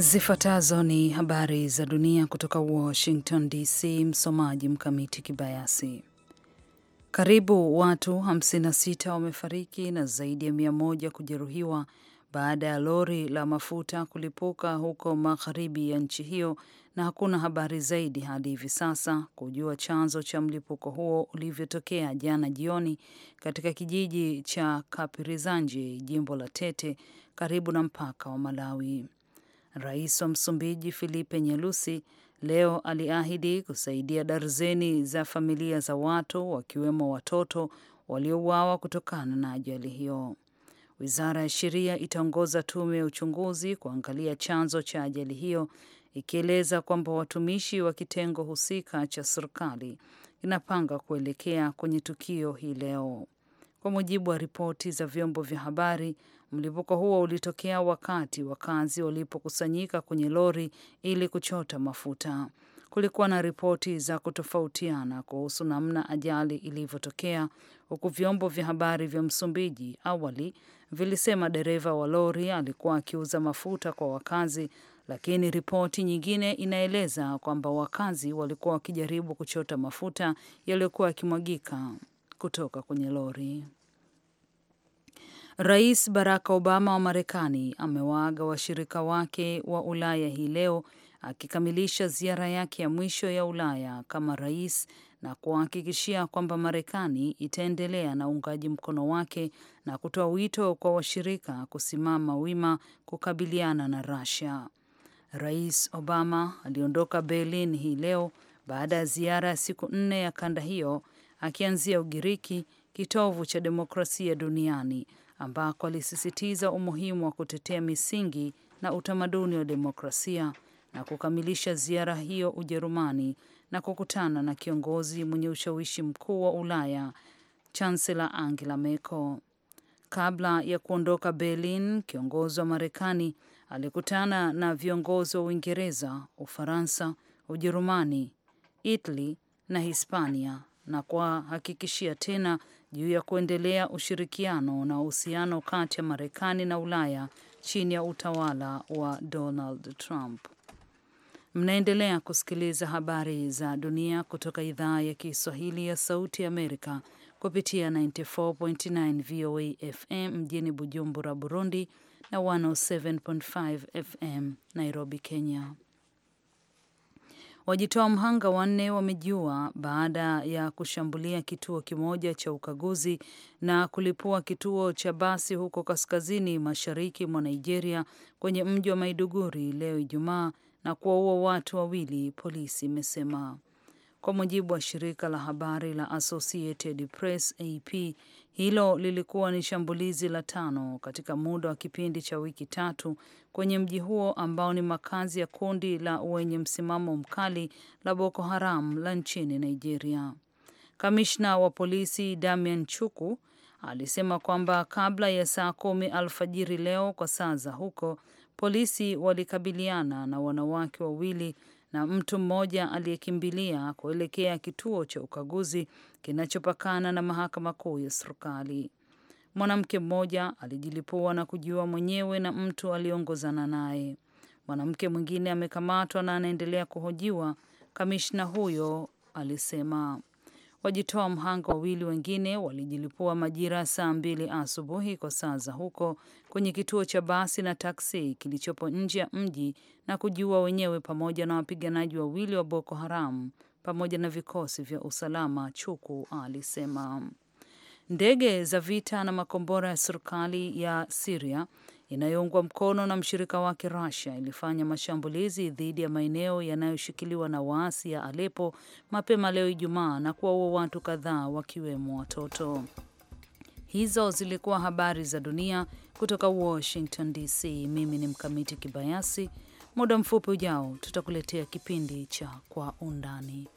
Zifuatazo ni habari za dunia kutoka Washington DC. Msomaji Mkamiti Kibayasi. Karibu watu 56 wamefariki na zaidi ya 1 kujeruhiwa baada ya lori la mafuta kulipuka huko magharibi ya nchi hiyo, na hakuna habari zaidi hadi hivi sasa kujua chanzo cha mlipuko huo ulivyotokea jana jioni katika kijiji cha Kapirizanje, jimbo la Tete, karibu na mpaka wa Malawi. Rais wa Msumbiji Filipe nyelusi leo aliahidi kusaidia darzeni za familia za watu wakiwemo watoto waliouawa kutokana na ajali hiyo. Wizara ya Sheria itaongoza tume ya uchunguzi kuangalia chanzo cha ajali hiyo, ikieleza kwamba watumishi wa kitengo husika cha serikali inapanga kuelekea kwenye tukio hii leo. Kwa mujibu wa ripoti za vyombo vya habari, Mlipuko huo ulitokea wakati wakazi walipokusanyika kwenye lori ili kuchota mafuta. Kulikuwa na ripoti za kutofautiana kuhusu namna ajali ilivyotokea, huku vyombo vya habari vya Msumbiji awali vilisema dereva wa lori alikuwa akiuza mafuta kwa wakazi, lakini ripoti nyingine inaeleza kwamba wakazi walikuwa wakijaribu kuchota mafuta yaliyokuwa yakimwagika kutoka kwenye lori. Rais Barack Obama wa Marekani amewaaga washirika wake wa Ulaya hii leo akikamilisha ziara yake ya mwisho ya Ulaya kama rais na kuhakikishia kwamba Marekani itaendelea na uungaji mkono wake na kutoa wito kwa washirika kusimama wima kukabiliana na Russia. Rais Obama aliondoka Berlin hii leo baada ya ziara ya siku nne ya kanda hiyo, akianzia Ugiriki, kitovu cha demokrasia duniani ambako alisisitiza umuhimu wa kutetea misingi na utamaduni wa demokrasia na kukamilisha ziara hiyo Ujerumani na kukutana na kiongozi mwenye ushawishi mkuu wa Ulaya, Chancellor Angela Merkel. Kabla ya kuondoka Berlin, kiongozi wa Marekani alikutana na viongozi wa Uingereza, Ufaransa, Ujerumani, Italy na Hispania na kuwahakikishia tena juu ya kuendelea ushirikiano na uhusiano kati ya Marekani na Ulaya chini ya utawala wa Donald Trump. Mnaendelea kusikiliza habari za dunia kutoka idhaa ya Kiswahili ya Sauti Amerika kupitia 94.9 VOA FM mjini Bujumbura, Burundi na 107.5 FM Nairobi, Kenya. Wajitoa mhanga wanne wamejiua baada ya kushambulia kituo kimoja cha ukaguzi na kulipua kituo cha basi huko kaskazini mashariki mwa Nigeria kwenye mji wa Maiduguri leo Ijumaa na kuwaua watu wawili, polisi imesema. Kwa mujibu wa shirika la habari la Associated Press, AP, hilo lilikuwa ni shambulizi la tano katika muda wa kipindi cha wiki tatu kwenye mji huo ambao ni makazi ya kundi la wenye msimamo mkali la Boko Haram la nchini Nigeria. Kamishna wa polisi Damian Chuku alisema kwamba kabla ya saa kumi alfajiri leo kwa saa za huko, polisi walikabiliana na wanawake wawili na mtu mmoja aliyekimbilia kuelekea kituo cha ukaguzi kinachopakana na mahakama kuu ya serikali. Mwanamke mmoja alijilipua na kujiua mwenyewe na mtu aliyeongozana naye. Mwanamke mwingine amekamatwa na anaendelea kuhojiwa, kamishna huyo alisema. Wajitoa mhanga wawili wengine walijilipua majira saa mbili asubuhi kwa saa za huko kwenye kituo cha basi na taksi kilichopo nje ya mji na kujiua wenyewe pamoja na wapiganaji wawili wa Boko Haram pamoja na vikosi vya usalama, Chuku alisema. Ndege za vita na makombora ya serikali ya Siria inayoungwa mkono na mshirika wake Russia ilifanya mashambulizi dhidi ya maeneo yanayoshikiliwa na waasi ya Aleppo mapema leo Ijumaa na kuwaua watu kadhaa wakiwemo watoto. Hizo zilikuwa habari za dunia kutoka Washington DC. Mimi ni Mkamiti Kibayasi. Muda mfupi ujao tutakuletea kipindi cha Kwa Undani.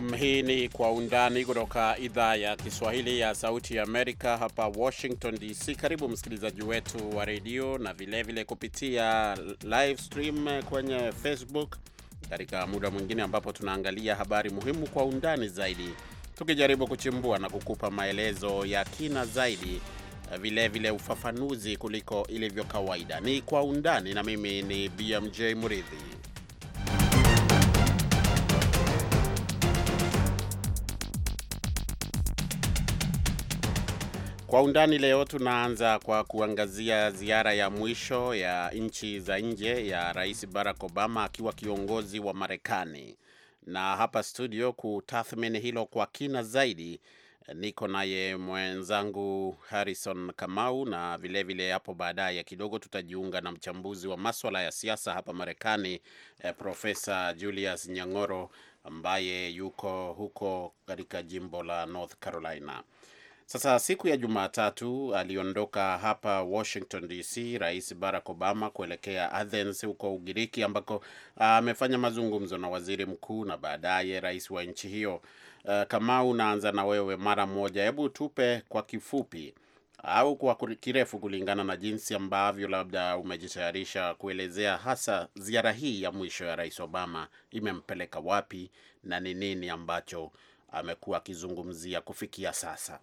Naam, hii ni Kwa Undani kutoka idhaa ya Kiswahili ya Sauti ya Amerika hapa Washington DC. Karibu msikilizaji wetu wa redio na vilevile vile kupitia live stream kwenye Facebook katika muda mwingine ambapo tunaangalia habari muhimu kwa undani zaidi, tukijaribu kuchimbua na kukupa maelezo ya kina zaidi, vilevile vile ufafanuzi kuliko ilivyo kawaida. Ni Kwa Undani na mimi ni BMJ Muridhi. Kwa undani leo tunaanza kwa kuangazia ziara ya mwisho ya nchi za nje ya Rais Barack Obama akiwa kiongozi wa Marekani. Na hapa studio kutathmini hilo kwa kina zaidi niko naye mwenzangu Harrison Kamau, na vilevile hapo baadaye kidogo tutajiunga na mchambuzi wa maswala ya siasa hapa Marekani, eh, Profesa Julius Nyang'oro ambaye yuko huko katika jimbo la North Carolina. Sasa siku ya Jumatatu aliondoka hapa Washington DC Rais Barack Obama kuelekea Athens huko Ugiriki, ambako ah, amefanya mazungumzo na waziri mkuu na baadaye rais wa nchi hiyo. Uh, Kamau, naanza na wewe mara moja, hebu tupe kwa kifupi au kwa kirefu kulingana na jinsi ambavyo labda umejitayarisha kuelezea hasa ziara hii ya mwisho ya Rais Obama imempeleka wapi na ni nini ambacho amekuwa akizungumzia kufikia sasa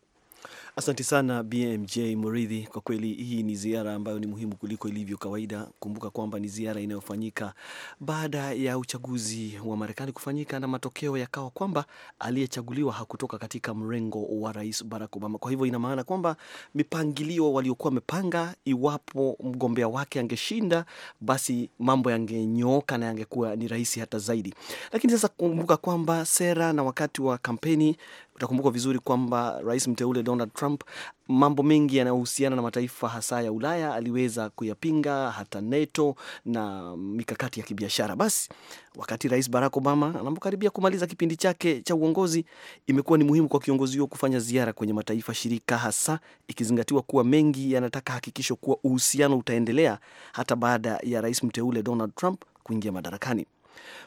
asanti sana BMJ Muridhi, kwa kweli hii ni ziara ambayo ni muhimu kuliko ilivyo kawaida. Kumbuka kwamba ni ziara inayofanyika baada ya uchaguzi wa Marekani kufanyika na matokeo yakawa kwamba aliyechaguliwa hakutoka katika mrengo wa Rais Barack Obama. Kwa hivyo ina maana kwamba mipangilio waliokuwa wamepanga, iwapo mgombea wake angeshinda, basi mambo yangenyooka na yangekuwa ni rahisi hata zaidi. Lakini sasa kumbuka kwamba sera na wakati wa kampeni Utakumbuka vizuri kwamba rais mteule Donald Trump mambo mengi yanayohusiana na mataifa hasa ya Ulaya aliweza kuyapinga, hata NATO na mikakati ya kibiashara. Basi wakati rais Barack Obama anapokaribia kumaliza kipindi chake cha uongozi, imekuwa ni muhimu kwa kiongozi huo kufanya ziara kwenye mataifa shirika, hasa ikizingatiwa kuwa mengi yanataka hakikisho kuwa uhusiano utaendelea hata baada ya rais mteule Donald Trump kuingia madarakani.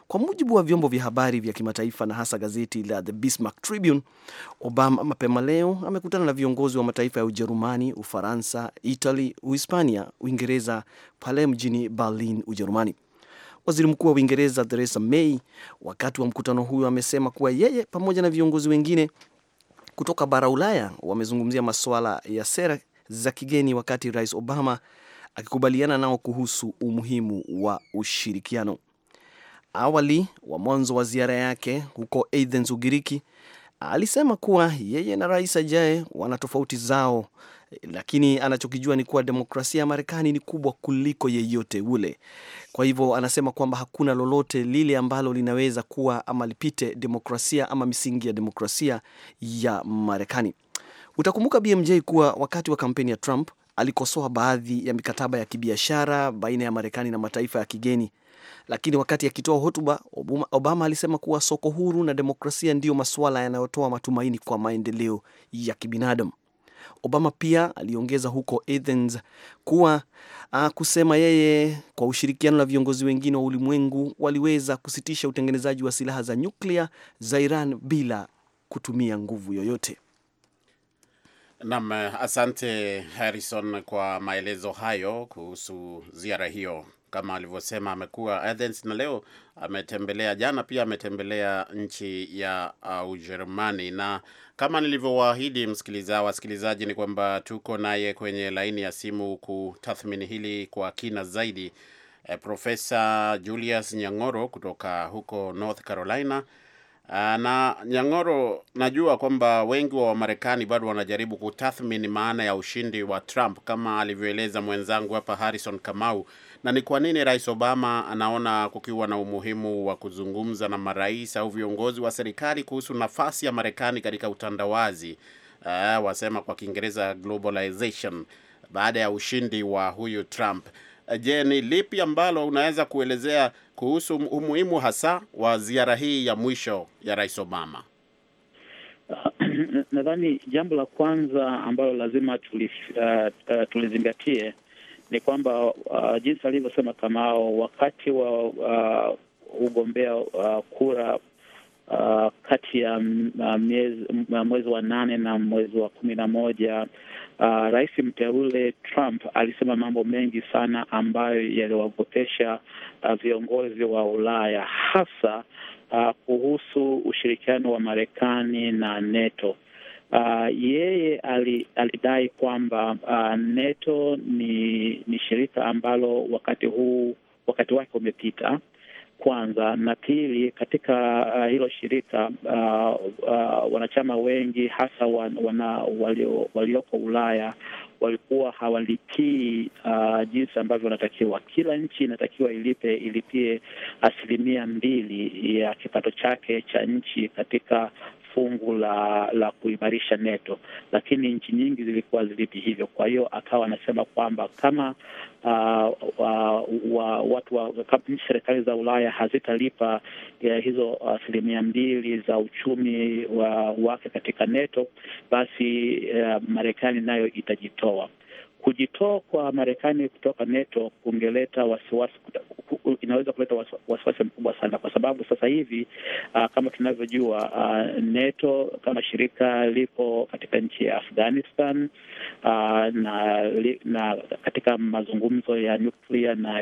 Kwa mujibu wa vyombo vya habari vya kimataifa na hasa gazeti la The Bismarck Tribune, Obama mapema leo amekutana na viongozi wa mataifa ya Ujerumani, Ufaransa, Italy, Uhispania, Uingereza pale mjini Berlin, Ujerumani. Waziri Mkuu wa Uingereza Theresa May wakati wa mkutano huyo amesema kuwa yeye pamoja na viongozi wengine kutoka bara Ulaya wamezungumzia masuala ya sera za kigeni, wakati Rais Obama akikubaliana nao kuhusu umuhimu wa ushirikiano awali wa mwanzo wa ziara yake huko Athens, Ugiriki, alisema kuwa yeye na rais ajaye wana tofauti zao, lakini anachokijua ni kuwa demokrasia ya Marekani ni kubwa kuliko yeyote ule. Kwa hivyo anasema kwamba hakuna lolote lile ambalo linaweza kuwa ama lipite demokrasia ama misingi ya demokrasia ya Marekani. Utakumbuka BMJ kuwa wakati wa kampeni ya Trump alikosoa baadhi ya mikataba ya kibiashara baina ya Marekani na mataifa ya kigeni lakini wakati akitoa hotuba, Obama alisema kuwa soko huru na demokrasia ndiyo masuala yanayotoa matumaini kwa maendeleo ya kibinadamu. Obama pia aliongeza huko Athens kuwa a, ah, kusema yeye kwa ushirikiano na viongozi wengine wa ulimwengu waliweza kusitisha utengenezaji wa silaha za nyuklia za Iran bila kutumia nguvu yoyote. Nam, asante Harrison kwa maelezo hayo kuhusu ziara hiyo kama alivyosema amekuwa Athens na leo ametembelea, jana pia ametembelea nchi ya uh, Ujerumani. Na kama nilivyowaahidi msikiliza wasikilizaji, ni kwamba tuko naye kwenye laini ya simu kutathmini hili kwa kina zaidi, eh, Profesa Julius Nyang'oro kutoka huko North Carolina Ah, na Nyang'oro, najua kwamba wengi wa Wamarekani bado wanajaribu kutathmini maana ya ushindi wa Trump kama alivyoeleza mwenzangu hapa Harrison Kamau, na ni kwa nini Rais Obama anaona kukiwa na umuhimu wa kuzungumza na marais au viongozi wa serikali kuhusu nafasi ya Marekani katika utandawazi, uh, wasema kwa Kiingereza globalization, baada ya ushindi wa huyu Trump. Ah, je, ni lipi ambalo unaweza kuelezea kuhusu umuhimu hasa wa ziara hii ya mwisho ya Rais Obama? Nadhani jambo la kwanza ambalo lazima tulif, uh, uh, tulizingatie ni kwamba uh, jinsi alivyosema Kamao wakati wa uh, ugombea uh, kura uh, kati ya uh, mwezi wa nane na mwezi wa kumi na moja uh, rais mteule Trump alisema mambo mengi sana ambayo yaliwavotesha uh, viongozi wa Ulaya hasa uh, kuhusu ushirikiano wa Marekani na NATO. Uh, yeye alidai kwamba uh, NATO ni, ni shirika ambalo wakati huu wakati wake umepita kwanza na pili, katika uh, hilo shirika uh, uh, wanachama wengi hasa wan, wana, walioko Ulaya walikuwa hawalipii uh, jinsi ambavyo wanatakiwa. Kila nchi inatakiwa ilipe ilipie asilimia mbili ya kipato chake cha nchi katika fungu la la kuimarisha NATO, lakini nchi nyingi zilikuwa zilipi hivyo. Kwa hiyo akawa anasema kwamba kama uh, wa, uh, wa, watu wa serikali za Ulaya hazitalipa ya eh, hizo asilimia uh, mbili za uchumi wa, wake katika NATO, basi uh, Marekani nayo itajitoa. Kujitoa kwa Marekani kutoka NATO kungeleta wasiwasi, inaweza kuleta wasiwasi mkubwa sana, kwa sababu sasa hivi uh, kama tunavyojua uh, NATO kama shirika lipo katika nchi ya Afghanistan uh, na, na katika mazungumzo ya nuklia na,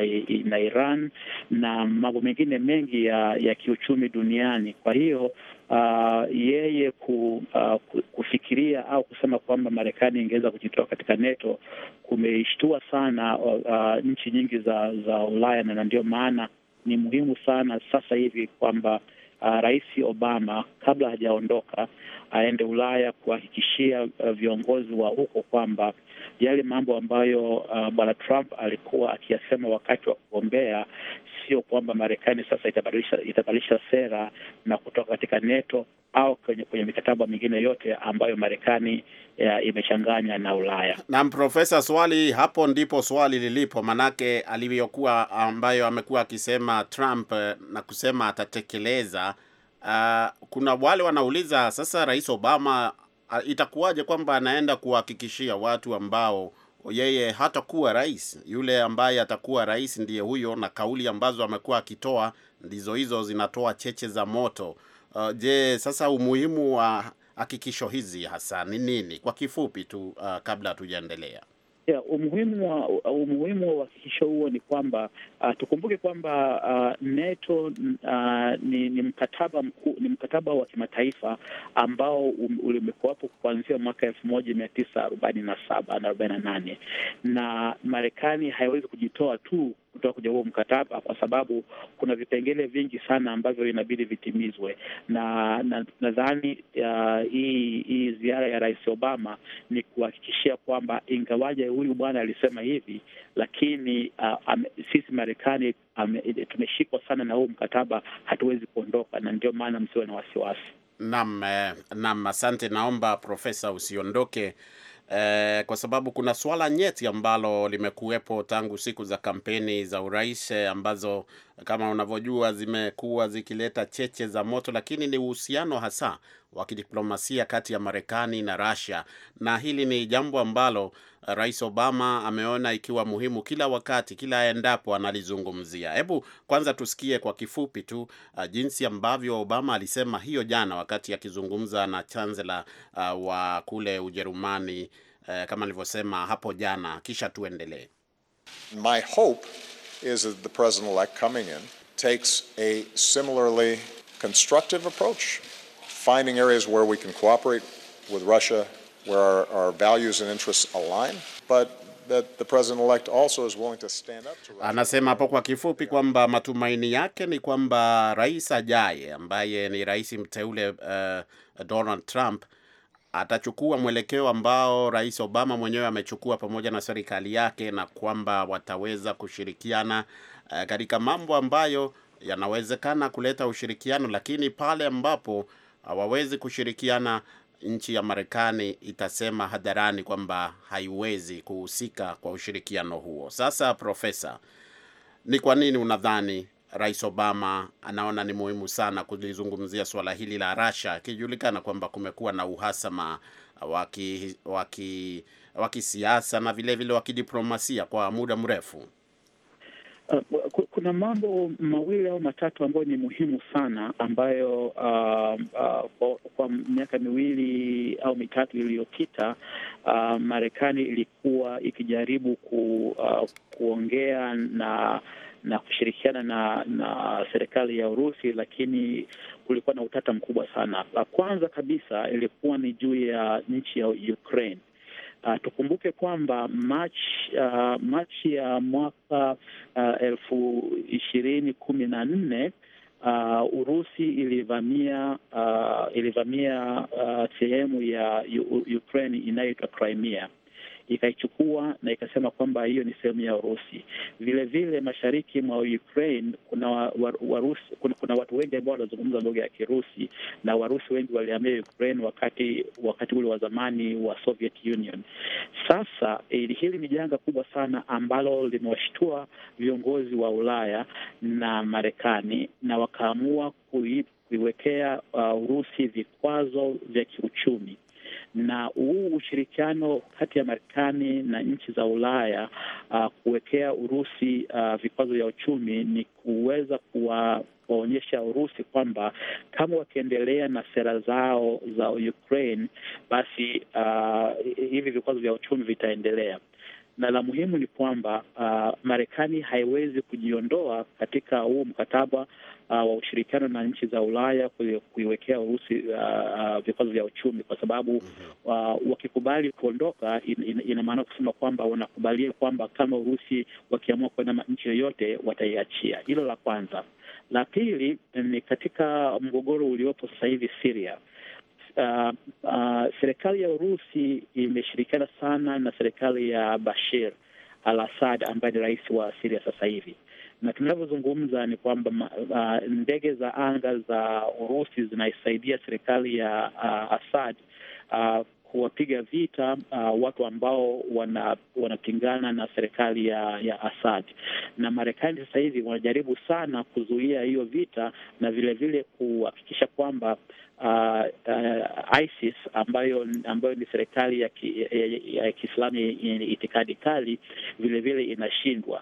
na Iran na mambo mengine mengi ya, ya kiuchumi duniani. Kwa hiyo uh, yeye ku, uh, kufikiria au kusema kwamba Marekani ingeweza kujitoa katika NATO kumeishtua sana uh, uh, nchi nyingi za za Ulaya, na ndio maana ni muhimu sana sasa hivi kwamba uh, Rais Obama kabla hajaondoka aende Ulaya kuhakikishia uh, viongozi wa huko kwamba yale mambo ambayo uh, bwana Trump alikuwa akiyasema wakati wa kugombea, sio kwamba Marekani sasa itabadilisha itabadilisha sera na kutoka katika NATO au kwenye, kwenye mikataba mingine yote ambayo Marekani uh, imechanganya na Ulaya. Naam, Profesa, swali hapo ndipo swali lilipo, manake alivyokuwa ambayo amekuwa akisema Trump uh, na kusema atatekeleza uh, kuna wale wanauliza sasa, Rais Obama itakuwaje kwamba anaenda kuhakikishia watu ambao yeye hatakuwa rais, yule ambaye atakuwa rais ndiye huyo, na kauli ambazo amekuwa akitoa ndizo hizo zinatoa cheche za moto. Uh, je, sasa umuhimu wa hakikisho hizi hasa ni nini? Kwa kifupi tu, uh, kabla hatujaendelea Eh, umuhimu wa umuhimu wa uhakikisho huo ni kwamba uh, tukumbuke kwamba uh, NATO uh, ni, ni mkataba mku, ni mkataba wa kimataifa ambao um, ulimekuwapo kuanzia mwaka elfu moja mia tisa arobaini na saba na arobaini na nane na Marekani haiwezi kujitoa tu kutoka kwenye huo mkataba, kwa sababu kuna vipengele vingi sana ambavyo inabidi vitimizwe, na nadhani na uh, hii hii ziara ya Rais Obama ni kuhakikishia kwamba ingawaje huyu bwana alisema hivi, lakini uh, am, sisi Marekani tumeshikwa sana na huu mkataba, hatuwezi kuondoka, na ndio maana msiwe na wasiwasi. Naam, eh, naam, asante. Naomba Profesa usiondoke eh, kwa sababu kuna swala nyeti ambalo limekuwepo tangu siku za kampeni za urais eh, ambazo kama unavyojua zimekuwa zikileta cheche za moto, lakini ni uhusiano hasa wa kidiplomasia kati ya Marekani na Russia, na hili ni jambo ambalo eh, Rais Obama ameona ikiwa muhimu kila wakati, kila endapo analizungumzia. Hebu kwanza tusikie kwa kifupi tu uh, jinsi ambavyo Obama alisema hiyo jana wakati akizungumza na chancellor uh, wa kule Ujerumani uh, kama alivyosema hapo jana, kisha tuendelee. My hope is that the president-elect coming in takes a similarly constructive approach finding areas where we can cooperate with Russia, where our, our values and interests align, but that the president-elect also is willing to stand up to Russia. Anasema hapo kwa kifupi kwamba matumaini yake ni kwamba rais ajaye ambaye ni rais mteule uh, Donald Trump atachukua mwelekeo ambao Rais Obama mwenyewe amechukua pamoja na serikali yake na kwamba wataweza kushirikiana uh, katika mambo ambayo yanawezekana kuleta ushirikiano, lakini pale ambapo hawawezi kushirikiana, nchi ya Marekani itasema hadharani kwamba haiwezi kuhusika kwa ushirikiano huo. Sasa profesa, ni kwa nini unadhani Rais Obama anaona ni muhimu sana kulizungumzia suala hili la Russia, ikijulikana kwamba kumekuwa na uhasama wa kisiasa na vilevile wa kidiplomasia kwa muda mrefu? Uh, kuna mambo mawili au matatu ambayo ni muhimu sana ambayo um, uh, uh, kwa miaka miwili au mitatu iliyopita uh, Marekani ilikuwa ikijaribu ku, uh, kuongea na na kushirikiana na na serikali ya Urusi, lakini kulikuwa na utata mkubwa sana. La kwanza kabisa ilikuwa ni juu ya nchi ya Ukraine. Uh, tukumbuke kwamba Machi uh, ah, Machi ya mwaka uh, elfu ishirini kumi na nne uh, Urusi ilivamia uh, ilivamia uh, sehemu ya Ukraine inayoitwa Crimea ikaichukua na ikasema kwamba hiyo ni sehemu ya Urusi. Vilevile mashariki mwa Ukraine kuna wa, Warusi, kuna, kuna watu wengi ambao wanazungumza lugha ya Kirusi na Warusi wengi walihamia Ukraine wakati wakati ule wa zamani wa Soviet Union. Sasa eh, hili ni janga kubwa sana ambalo limewashtua viongozi wa Ulaya na Marekani na wakaamua kuiwekea uh, Urusi vikwazo vya kiuchumi na huu ushirikiano kati ya Marekani na nchi za Ulaya uh, kuwekea Urusi uh, vikwazo vya uchumi ni kuweza kuwa waonyesha Urusi kwamba kama wakiendelea na sera zao za Ukraine basi uh, hivi vikwazo vya uchumi vitaendelea na la muhimu ni kwamba uh, Marekani haiwezi kujiondoa katika huu mkataba uh, wa ushirikiano na nchi za Ulaya kuiwekea Urusi uh, uh, vikwazo vya uchumi, kwa sababu mhm. uh, wakikubali kuondoka, ina in, in maana kusema kwamba wanakubalia kwamba kama Urusi wakiamua kwenda nchi yoyote wataiachia. Hilo la kwanza. La pili eh, ni katika mgogoro uliopo sasa hivi Syria uh, uh, serikali ya Urusi imeshirikiana sana na serikali ya Bashir al Assad ambaye ni rais wa Siria sasa hivi, na tunavyozungumza ni kwamba uh, ndege za anga za Urusi zinaisaidia serikali ya uh, Assad uh, kuwapiga vita uh, watu ambao wana, wanapingana na serikali ya, ya Assad na Marekani sasa hivi wanajaribu sana kuzuia hiyo vita na vilevile kuhakikisha kwamba Uh, uh, ISIS ambayo ambayo ni serikali ya Kiislamu yenye itikadi kali vilevile inashindwa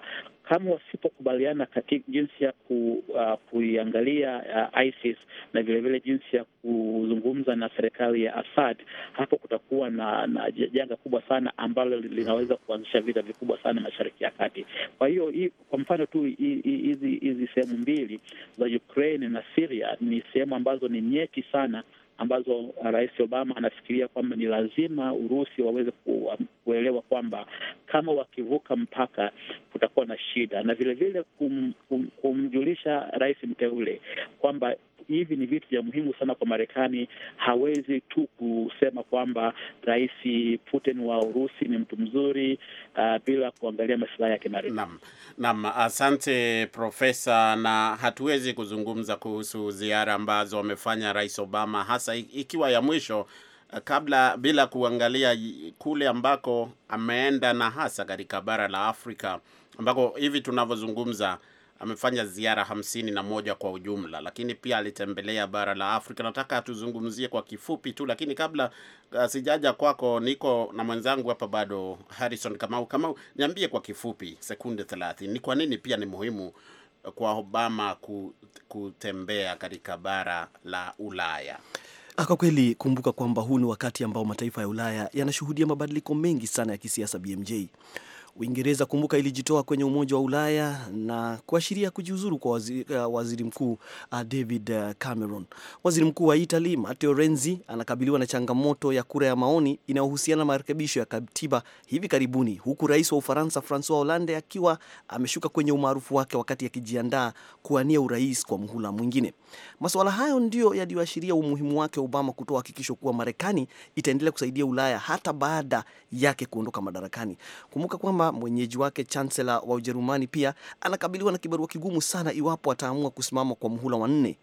kama wasipokubaliana katika jinsi ya ku, uh, kuiangalia uh, ISIS na vilevile jinsi ya kuzungumza na serikali ya Assad, hapo kutakuwa na, na janga kubwa sana ambalo linaweza kuanzisha vita vikubwa sana Mashariki ya Kati. Kwa hiyo hii, kwa mfano tu hizi sehemu mbili za Ukraine na Syria ni sehemu ambazo ni nyeti sana ambazo uh, Rais Obama anafikiria kwamba ni lazima Urusi waweze um, kuelewa kwamba kama wakivuka mpaka kutakuwa na shida, na vilevile kum, kum, kumjulisha rais mteule kwamba hivi ni vitu vya muhimu sana kwa Marekani. Hawezi tu kusema kwamba Rais Putin wa Urusi ni mtu mzuri uh, bila kuangalia masilahi ya Kimarekani. Naam, naam, asante Profesa, na hatuwezi kuzungumza kuhusu ziara ambazo wamefanya Rais Obama, hasa ikiwa ya mwisho uh, kabla bila kuangalia kule ambako ameenda na hasa katika bara la Afrika ambako hivi tunavyozungumza amefanya ziara hamsini na moja kwa ujumla, lakini pia alitembelea bara la Afrika. Nataka tuzungumzie kwa kifupi tu, lakini kabla uh, sijaja kwako, niko na mwenzangu hapa bado Harrison Kamau. Kamau, niambie kwa kifupi, sekunde thelathini, ni kwa nini pia ni muhimu kwa Obama kutembea katika bara la Ulaya? Ah, kwa kweli, kumbuka kwamba huu ni wakati ambao mataifa ya Ulaya yanashuhudia mabadiliko mengi sana ya kisiasa, BMJ Uingereza kumbuka, ilijitoa kwenye Umoja wa Ulaya na kuashiria kujiuzuru kwa waziri, uh, eh, waziri mkuu uh, David eh, Cameron. Waziri mkuu wa Italy Matteo Renzi anakabiliwa na changamoto ya kura ya maoni inayohusiana na marekebisho ya katiba hivi karibuni, huku rais wa Ufaransa Francois Hollande akiwa ameshuka kwenye umaarufu wake wakati akijiandaa kuwania urais kwa mhula mwingine. Masuala hayo ndiyo yaliyoashiria umuhimu wake Obama kutoa hakikisho kuwa Marekani itaendelea kusaidia Ulaya hata baada yake kuondoka madarakani. Kumbuka kwamba mwenyeji wake chansela wa Ujerumani pia anakabiliwa na kibarua kigumu sana iwapo ataamua kusimama kwa muhula wa nne.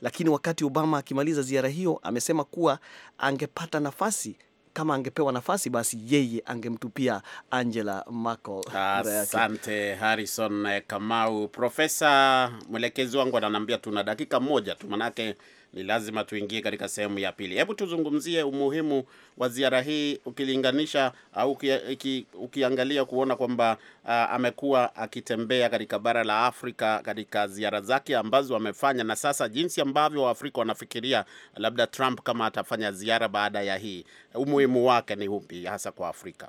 Lakini wakati Obama akimaliza ziara hiyo, amesema kuwa angepata nafasi kama angepewa nafasi basi yeye angemtupia Angela Merkel. Asante Harrison Kamau. Profesa mwelekezi wangu ananiambia tuna dakika moja tu manake ni lazima tuingie katika sehemu ya pili. Hebu tuzungumzie umuhimu wa ziara hii ukilinganisha au uki, ukiangalia kuona kwamba uh, amekuwa akitembea katika bara la Afrika katika ziara zake ambazo amefanya na sasa jinsi ambavyo Waafrika wanafikiria labda Trump kama atafanya ziara baada ya hii, umuhimu wake ni upi hasa kwa Afrika?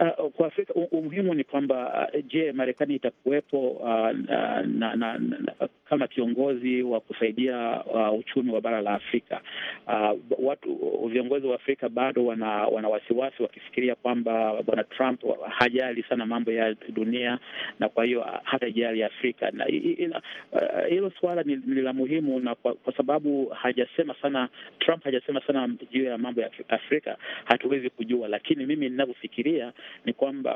uh, kwa Afrika umuhimu ni kwamba uh, je, Marekani itakuwepo uh, na, na, na, na, kama kiongozi wa kusaidia uh, uchumi wa bara la Afrika. Uh, watu viongozi wa Afrika bado wana, wana wasiwasi wakifikiria kwamba bwana Trump hajali sana mambo ya dunia na kwa hiyo uh, hata jali Afrika na uh, hilo uh, suala ni, ni la muhimu na kwa, kwa sababu hajasema sana Trump hajasema sana juu ya mambo ya Afrika, hatuwezi kujua, lakini mimi ninavyofikiria ni kwamba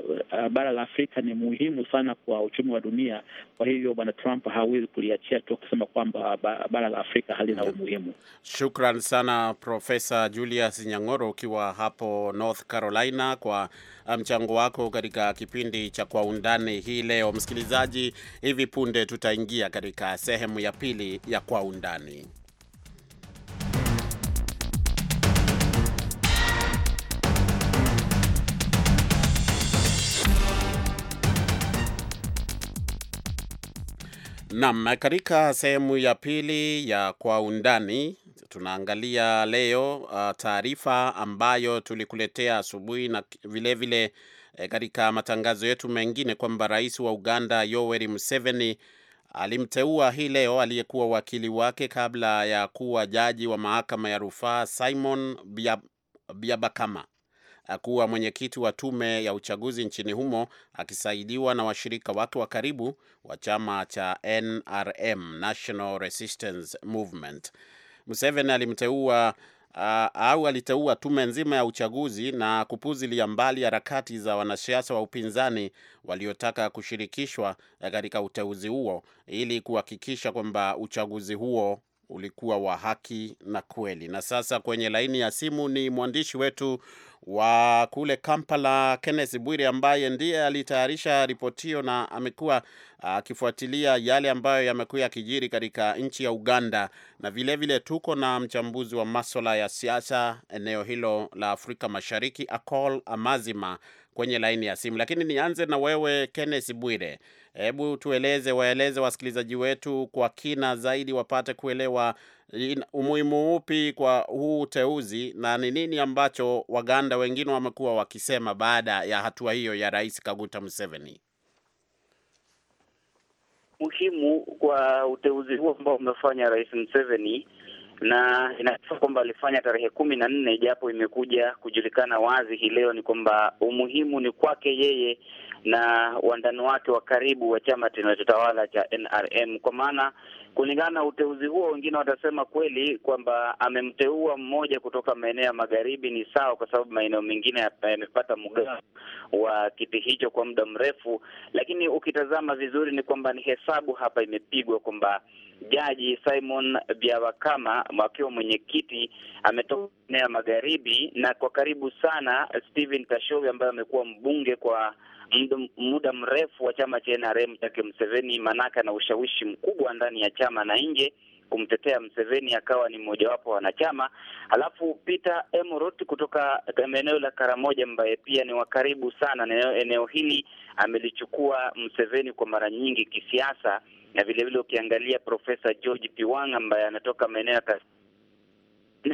uh, uh, bara la Afrika ni muhimu sana kwa uchumi wa dunia. Kwa hivyo bwana Trump hawezi kuliachia tu kusema kwamba bara la Afrika halina umuhimu. Shukran sana Profesa Julius Nyang'oro ukiwa hapo North Carolina kwa uh, mchango wako katika kipindi cha Kwa Undani hii leo. Msikilizaji, hivi punde tutaingia katika sehemu ya pili ya Kwa Undani. Naam, katika sehemu ya pili ya kwa undani tunaangalia leo uh, taarifa ambayo tulikuletea asubuhi na vilevile eh, katika e, matangazo yetu mengine kwamba rais wa Uganda Yoweri Museveni alimteua hii leo aliyekuwa wakili wake kabla ya kuwa jaji wa mahakama ya rufaa Simon Biabakama kuwa mwenyekiti wa tume ya uchaguzi nchini humo akisaidiwa na washirika wake wa karibu wa chama cha NRM, National Resistance Movement. Museveni alimteua uh, au aliteua tume nzima ya uchaguzi na kupuzilia mbali harakati za wanasiasa wa upinzani waliotaka kushirikishwa katika uteuzi huo ili kuhakikisha kwamba uchaguzi huo ulikuwa wa haki na kweli. Na sasa kwenye laini ya simu ni mwandishi wetu wa kule Kampala, Kenneth Bwire, ambaye ndiye alitayarisha ripoti hiyo na amekuwa uh, akifuatilia yale ambayo yamekuwa yakijiri katika nchi ya Uganda, na vilevile vile tuko na mchambuzi wa maswala ya siasa eneo hilo la Afrika Mashariki, Akol Amazima kwenye laini ya simu. Lakini nianze na wewe Kenneth Bwire, hebu tueleze, waeleze wasikilizaji wetu kwa kina zaidi, wapate kuelewa umuhimu upi kwa huu uteuzi na ni nini ambacho Waganda wengine wamekuwa wakisema baada ya hatua hiyo ya Rais Kaguta Museveni? Muhimu kwa uteuzi huo ambao umefanya Rais Museveni na inasema kwamba alifanya tarehe kumi na nne, japo imekuja kujulikana wazi hii leo ni kwamba umuhimu ni kwake yeye na wandani wake wa karibu wa chama tinachotawala cha NRM, kwa maana kulingana na uteuzi huo, wengine watasema kweli kwamba amemteua mmoja kutoka maeneo ya magharibi ni sawa, kwa sababu maeneo mengine yamepata mgao wa kiti hicho kwa muda mrefu, lakini ukitazama vizuri ni kwamba ni hesabu hapa imepigwa kwamba Jaji Simon Biawakama akiwa mwenyekiti ametoka eneo magharibi, na kwa karibu sana Stephen Kashowe ambaye amekuwa mbunge kwa muda mrefu wa chama cha NRM chake Mseveni, manaka na ushawishi mkubwa ndani ya chama na nje kumtetea Mseveni, akawa ni mmojawapo wa wanachama. Alafu Peter Emrot kutoka eneo la Karamoja, ambaye pia ni wa karibu sana na eneo hili, amelichukua Mseveni kwa mara nyingi kisiasa na vilevile ukiangalia Profesa George Piwang ambaye anatoka maeneo ya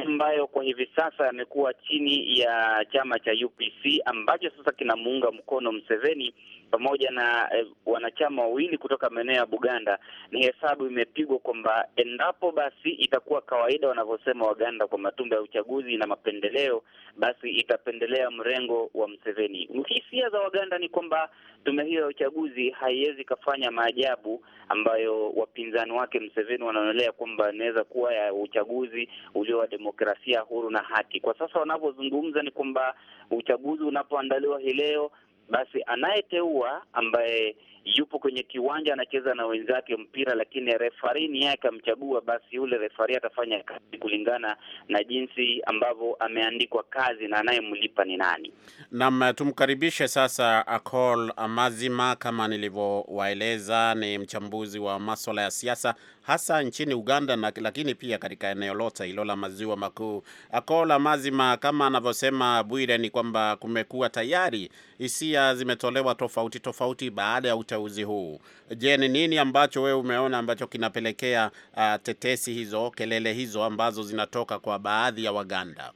ambayo kwa hivi sasa amekuwa chini ya chama cha UPC ambacho sasa kinamuunga mkono Mseveni pamoja na eh, wanachama wawili kutoka maeneo ya Buganda, ni hesabu imepigwa kwamba endapo basi itakuwa kawaida wanavyosema Waganda kwa matunda ya uchaguzi na mapendeleo, basi itapendelea mrengo wa Mseveni. Hisia za Waganda ni kwamba tume hiyo ya uchaguzi haiwezi kafanya maajabu ambayo wapinzani wake Mseveni wanaonelea kwamba inaweza kuwa ya uchaguzi ulio wa demokrasia huru na haki. Kwa sasa wanavyozungumza ni kwamba uchaguzi unapoandaliwa hii leo basi anayeteua ambaye yupo kwenye kiwanja anacheza na wenzake mpira, lakini refari ni yeye akamchagua, basi yule refari atafanya kazi kulingana na jinsi ambavyo ameandikwa kazi na anayemlipa ni nani. Naam, tumkaribishe sasa Akol Amazima. Kama nilivyowaeleza, ni mchambuzi wa maswala ya siasa hasa nchini Uganda na, lakini pia katika eneo lote hilo la maziwa makuu. Akol Amazima, kama anavyosema Bwire, ni kwamba kumekuwa tayari hisia zimetolewa tofauti tofauti baada ya uchaguzi huu. Je, ni nini ambacho wewe umeona ambacho kinapelekea uh, tetesi hizo, kelele hizo ambazo zinatoka kwa baadhi ya Waganda?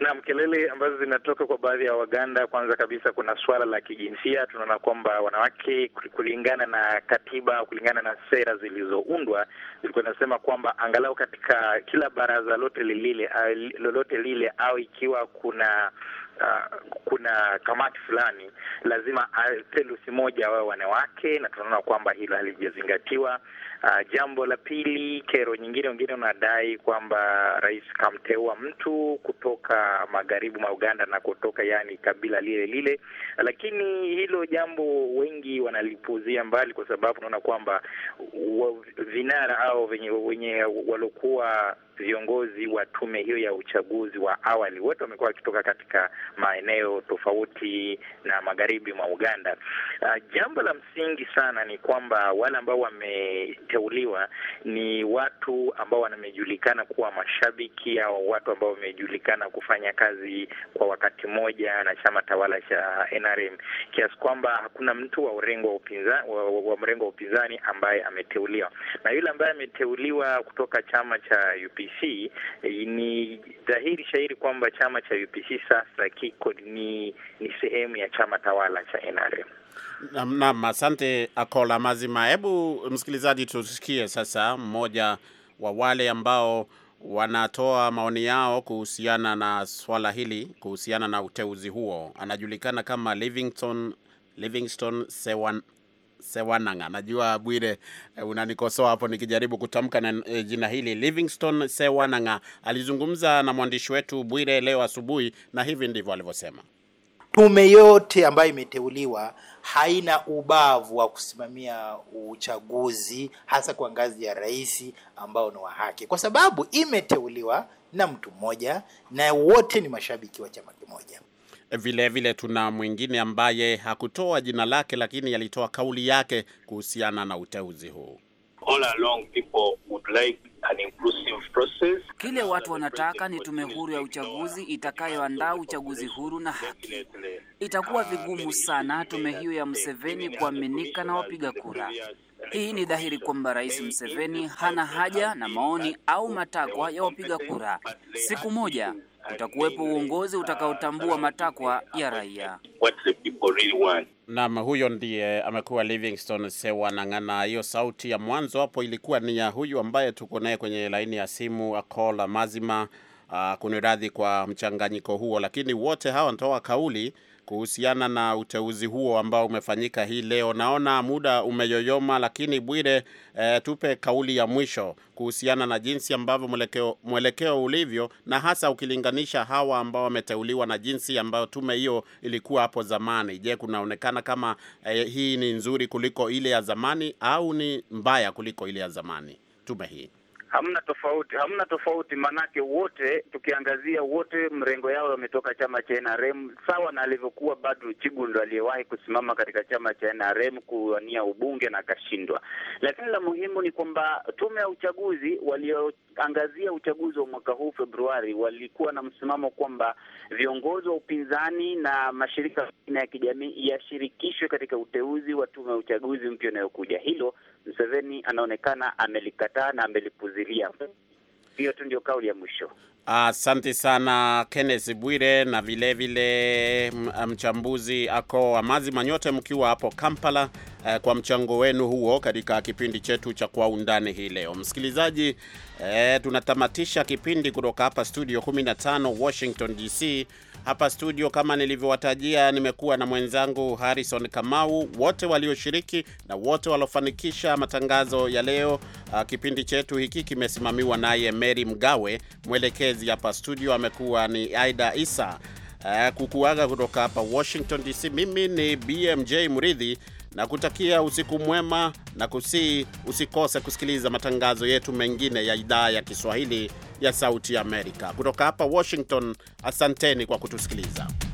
Naam, kelele ambazo zinatoka kwa baadhi ya Waganda, kwanza kabisa kuna suala la kijinsia. Tunaona kwamba wanawake, kulingana na katiba, kulingana na sera zilizoundwa, zilikuwa inasema kwamba angalau katika kila baraza lote lilile, lolote lile, au ikiwa kuna uh, kuna kamati fulani lazima ah, theluthi moja wawe wanawake, na tunaona kwamba hilo halijazingatiwa Uh, jambo la pili, kero nyingine, wengine wanadai kwamba rais kamteua mtu kutoka magharibi mwa Uganda na kutoka yani kabila lile lile, lakini hilo jambo wengi wanalipuzia mbali, kwa sababu unaona kwamba vinara au wenye, wenye waliokuwa viongozi wa tume hiyo ya uchaguzi wa awali wote wamekuwa wakitoka katika maeneo tofauti na magharibi mwa Uganda. Uh, jambo la msingi sana ni kwamba wale ambao wame walioteuliwa ni watu ambao wamejulikana kuwa mashabiki au watu ambao wamejulikana kufanya kazi kwa wakati mmoja na chama tawala cha NRM, kiasi kwamba hakuna mtu wa mrengo wa upinzani wa mrengo wa upinzani ambaye ameteuliwa, na yule ambaye ameteuliwa kutoka chama cha UPC ni dhahiri shahiri kwamba chama cha UPC sasa kiko ni, ni sehemu ya chama tawala cha NRM. Nam, asante Akola Mazima. Hebu msikilizaji, tusikie sasa mmoja wa wale ambao wanatoa maoni yao kuhusiana na swala hili, kuhusiana na uteuzi huo. Anajulikana kama Livingstone, Livingstone Sewan, Sewananga. Najua Bwire eh, unanikosoa hapo nikijaribu kutamka na eh, jina hili Livingstone Sewananga. Alizungumza na mwandishi wetu Bwire leo asubuhi, na hivi ndivyo alivyosema. Tume yote ambayo imeteuliwa haina ubavu wa kusimamia uchaguzi hasa kwa ngazi ya rais ambao ni wa haki, kwa sababu imeteuliwa na mtu mmoja na wote ni mashabiki wa chama kimoja. Vile vile tuna mwingine ambaye hakutoa jina lake, lakini alitoa kauli yake kuhusiana na uteuzi huu. All along people would like an inclusive process. Kile watu wanataka ni tume huru ya uchaguzi itakayoandaa uchaguzi huru na haki. Itakuwa vigumu sana tume hiyo ya mseveni kuaminika na wapiga kura. Hii ni dhahiri kwamba Rais mseveni hana haja na maoni au matakwa ya wapiga kura. Siku moja utakuwepo uongozi utakaotambua matakwa ya raia. What the people really want. Naam, huyo ndiye amekuwa livingston Sewa Nang'ana. Hiyo sauti ya mwanzo hapo ilikuwa ni ya huyu ambaye tuko naye kwenye laini ya simu, Akola Mazima. Uh, kuniradhi kwa mchanganyiko huo, lakini wote hawa ntoa kauli kuhusiana na uteuzi huo ambao umefanyika hii leo. Naona muda umeyoyoma, lakini Bwire, e, tupe kauli ya mwisho kuhusiana na jinsi ambavyo mwelekeo, mwelekeo ulivyo na hasa ukilinganisha hawa ambao wameteuliwa na jinsi ambayo tume hiyo ilikuwa hapo zamani. Je, kunaonekana kama e, hii ni nzuri kuliko ile ya zamani au ni mbaya kuliko ile ya zamani tume hii? hamna tofauti, hamna tofauti, maanake wote tukiangazia, wote mrengo yao wametoka chama cha NRM, sawa na alivyokuwa Badru Chigundo aliyewahi kusimama katika chama cha NRM kuwania ubunge na akashindwa. Lakini la muhimu ni kwamba tume ya uchaguzi walioangazia uchaguzi wa mwaka huu Februari, walikuwa na msimamo kwamba viongozi wa upinzani na mashirika mengine ya kijamii yashirikishwe katika uteuzi wa tume ya uchaguzi mpya unayokuja. Hilo mseveni anaonekana amelikataa na amelipuzilia hiyo tu ndio kauli ya mwisho. Asante uh, sana Kenneth Bwire na vilevile vile mchambuzi ako Amazi Manyote, mkiwa hapo Kampala uh, kwa mchango wenu huo katika kipindi chetu cha Kwa Undani hii leo. Msikilizaji uh, tunatamatisha kipindi kutoka hapa studio 15 Washington DC. Hapa studio kama nilivyowatajia, nimekuwa na mwenzangu Harrison Kamau. Wote walioshiriki na wote waliofanikisha matangazo ya leo, uh, kipindi chetu hiki kimesimamiwa naye Mary Mgawe. Mwelekezi hapa studio amekuwa ni Aida Isa. Uh, kukuaga kutoka hapa Washington DC, mimi ni BMJ Muridhi na kutakia usiku mwema na kusii usikose kusikiliza matangazo yetu mengine ya idhaa ya Kiswahili ya Sauti ya Amerika kutoka hapa Washington. Asanteni kwa kutusikiliza.